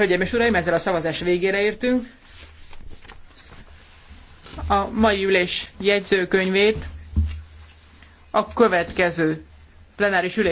Hölgyeim és Uraim, ezzel a szavazás végére értünk. A mai ülés jegyzőkönyvét a következő plenáris ülés